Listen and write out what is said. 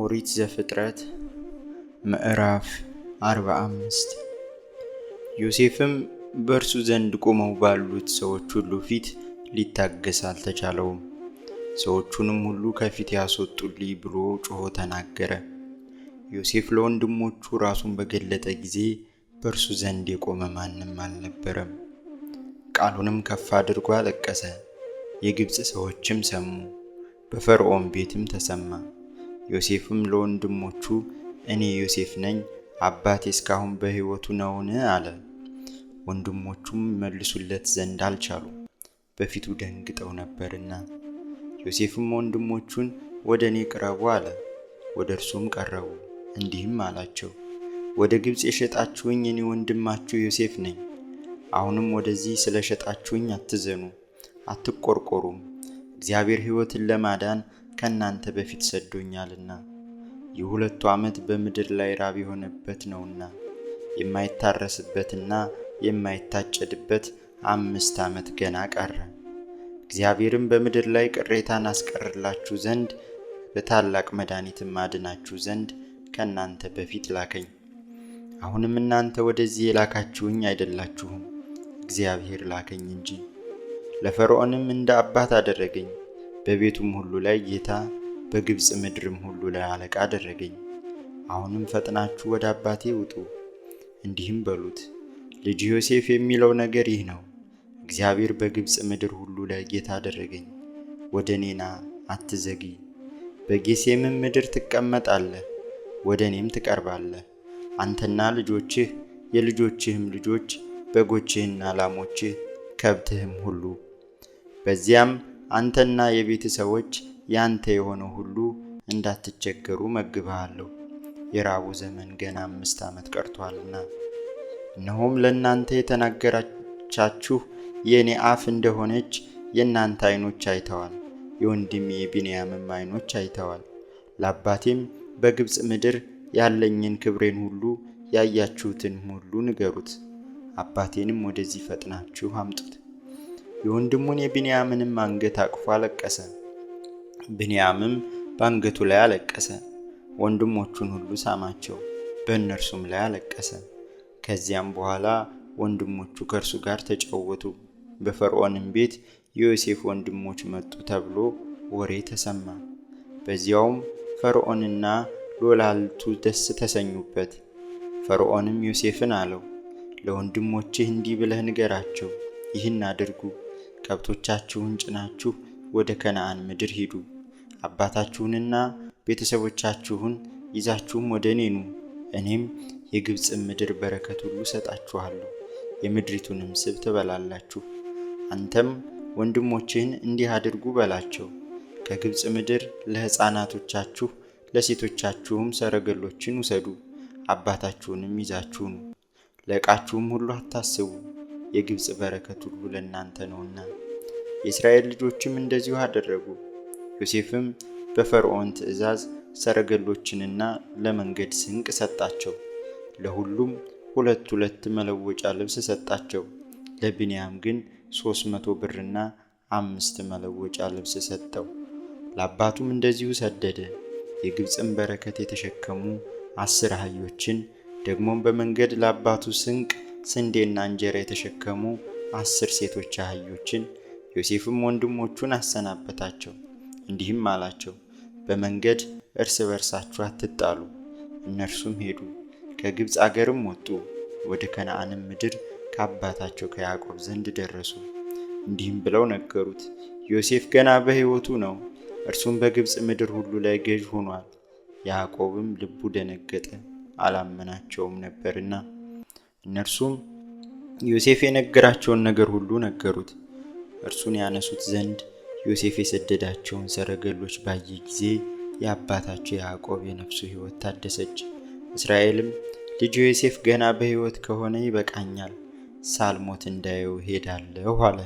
ኦሪት ዘፍጥረት ምዕራፍ 45 ዮሴፍም በእርሱ ዘንድ ቆመው ባሉት ሰዎች ሁሉ ፊት ሊታገስ አልተቻለውም። ሰዎቹንም ሁሉ ከፊት ያስወጡልኝ ብሎ ጮሆ ተናገረ። ዮሴፍ ለወንድሞቹ ራሱን በገለጠ ጊዜ በእርሱ ዘንድ የቆመ ማንም አልነበረም። ቃሉንም ከፍ አድርጎ አለቀሰ። የግብፅ ሰዎችም ሰሙ፣ በፈርዖን ቤትም ተሰማ። ዮሴፍም ለወንድሞቹ እኔ ዮሴፍ ነኝ፣ አባቴ እስካሁን በሕይወቱ ነውን? አለ። ወንድሞቹም መልሱለት ዘንድ አልቻሉ፣ በፊቱ ደንግጠው ነበርና። ዮሴፍም ወንድሞቹን ወደ እኔ ቅረቡ አለ። ወደ እርሱም ቀረቡ፣ እንዲህም አላቸው፣ ወደ ግብፅ የሸጣችሁኝ እኔ ወንድማችሁ ዮሴፍ ነኝ። አሁንም ወደዚህ ስለ ሸጣችሁኝ አትዘኑ፣ አትቆርቆሩም። እግዚአብሔር ሕይወትን ለማዳን ከእናንተ በፊት ሰዶኛልና የሁለቱ ዓመት በምድር ላይ ራብ የሆነበት ነውና የማይታረስበትና የማይታጨድበት አምስት ዓመት ገና ቀረ። እግዚአብሔርም በምድር ላይ ቅሬታን አስቀርላችሁ ዘንድ በታላቅ መድኃኒትም አድናችሁ ዘንድ ከእናንተ በፊት ላከኝ። አሁንም እናንተ ወደዚህ የላካችሁኝ አይደላችሁም፣ እግዚአብሔር ላከኝ እንጂ። ለፈርዖንም እንደ አባት አደረገኝ በቤቱም ሁሉ ላይ ጌታ በግብፅ ምድርም ሁሉ ላይ አለቃ አደረገኝ። አሁንም ፈጥናችሁ ወደ አባቴ ውጡ፣ እንዲህም በሉት ልጅ ዮሴፍ የሚለው ነገር ይህ ነው። እግዚአብሔር በግብፅ ምድር ሁሉ ላይ ጌታ አደረገኝ። ወደ እኔና አትዘግይ፣ በጌሴምም ምድር ትቀመጣለህ፣ ወደ እኔም ትቀርባለህ፣ አንተና ልጆችህ፣ የልጆችህም ልጆች፣ በጎችህና ላሞችህ፣ ከብትህም ሁሉ በዚያም አንተና የቤት ሰዎች ያንተ የሆነው ሁሉ እንዳትቸገሩ መግብሃለሁ፣ የራቡ ዘመን ገና አምስት ዓመት ቀርቷልና። እነሆም ለእናንተ የተናገረቻችሁ የእኔ አፍ እንደሆነች የእናንተ ዓይኖች አይተዋል፣ የወንድሜ የቢንያምም ዓይኖች አይተዋል። ለአባቴም በግብፅ ምድር ያለኝን ክብሬን ሁሉ ያያችሁትን ሁሉ ንገሩት። አባቴንም ወደዚህ ፈጥናችሁ አምጡት የወንድሙን የቢንያምንም አንገት አቅፎ አለቀሰ። ብንያምም በአንገቱ ላይ አለቀሰ። ወንድሞቹን ሁሉ ሳማቸው፣ በእነርሱም ላይ አለቀሰ። ከዚያም በኋላ ወንድሞቹ ከእርሱ ጋር ተጫወቱ። በፈርዖንም ቤት የዮሴፍ ወንድሞች መጡ ተብሎ ወሬ ተሰማ። በዚያውም ፈርዖንና ሎላልቱ ደስ ተሰኙበት። ፈርዖንም ዮሴፍን አለው፣ ለወንድሞችህ እንዲህ ብለህ ንገራቸው፣ ይህን አድርጉ ከብቶቻችሁን ጭናችሁ ወደ ከነአን ምድር ሂዱ፣ አባታችሁንና ቤተሰቦቻችሁን ይዛችሁም ወደ እኔ ኑ፣ እኔም የግብፅን ምድር በረከት ሁሉ እሰጣችኋለሁ፣ የምድሪቱንም ስብ ትበላላችሁ። አንተም ወንድሞችህን እንዲህ አድርጉ በላቸው፣ ከግብፅ ምድር ለሕፃናቶቻችሁ ለሴቶቻችሁም ሰረገሎችን ውሰዱ፣ አባታችሁንም ይዛችሁ ኑ። ለዕቃችሁም ሁሉ አታስቡ የግብፅ በረከት ሁሉ ለእናንተ ነውና። የእስራኤል ልጆችም እንደዚሁ አደረጉ። ዮሴፍም በፈርዖን ትእዛዝ ሰረገሎችንና ለመንገድ ስንቅ ሰጣቸው። ለሁሉም ሁለት ሁለት መለወጫ ልብስ ሰጣቸው። ለብንያም ግን ሦስት መቶ ብርና አምስት መለወጫ ልብስ ሰጠው። ለአባቱም እንደዚሁ ሰደደ። የግብፅን በረከት የተሸከሙ አስር አህዮችን ደግሞም በመንገድ ለአባቱ ስንቅ ስንዴና እንጀራ የተሸከሙ አስር ሴቶች አህዮችን ዮሴፍም ወንድሞቹን አሰናበታቸው፣ እንዲህም አላቸው፣ በመንገድ እርስ በርሳችሁ አትጣሉ። እነርሱም ሄዱ፣ ከግብፅ አገርም ወጡ፣ ወደ ከነአንም ምድር ከአባታቸው ከያዕቆብ ዘንድ ደረሱ። እንዲህም ብለው ነገሩት፣ ዮሴፍ ገና በሕይወቱ ነው፣ እርሱም በግብፅ ምድር ሁሉ ላይ ገዥ ሆኗል። ያዕቆብም ልቡ ደነገጠ፣ አላመናቸውም ነበርና እነርሱም ዮሴፍ የነገራቸውን ነገር ሁሉ ነገሩት። እርሱን ያነሱት ዘንድ ዮሴፍ የሰደዳቸውን ሰረገሎች ባየ ጊዜ የአባታቸው ያዕቆብ የነፍሱ ሕይወት ታደሰች። እስራኤልም ልጁ ዮሴፍ ገና በሕይወት ከሆነ ይበቃኛል፣ ሳልሞት እንዳየው ሄዳለሁ አለ።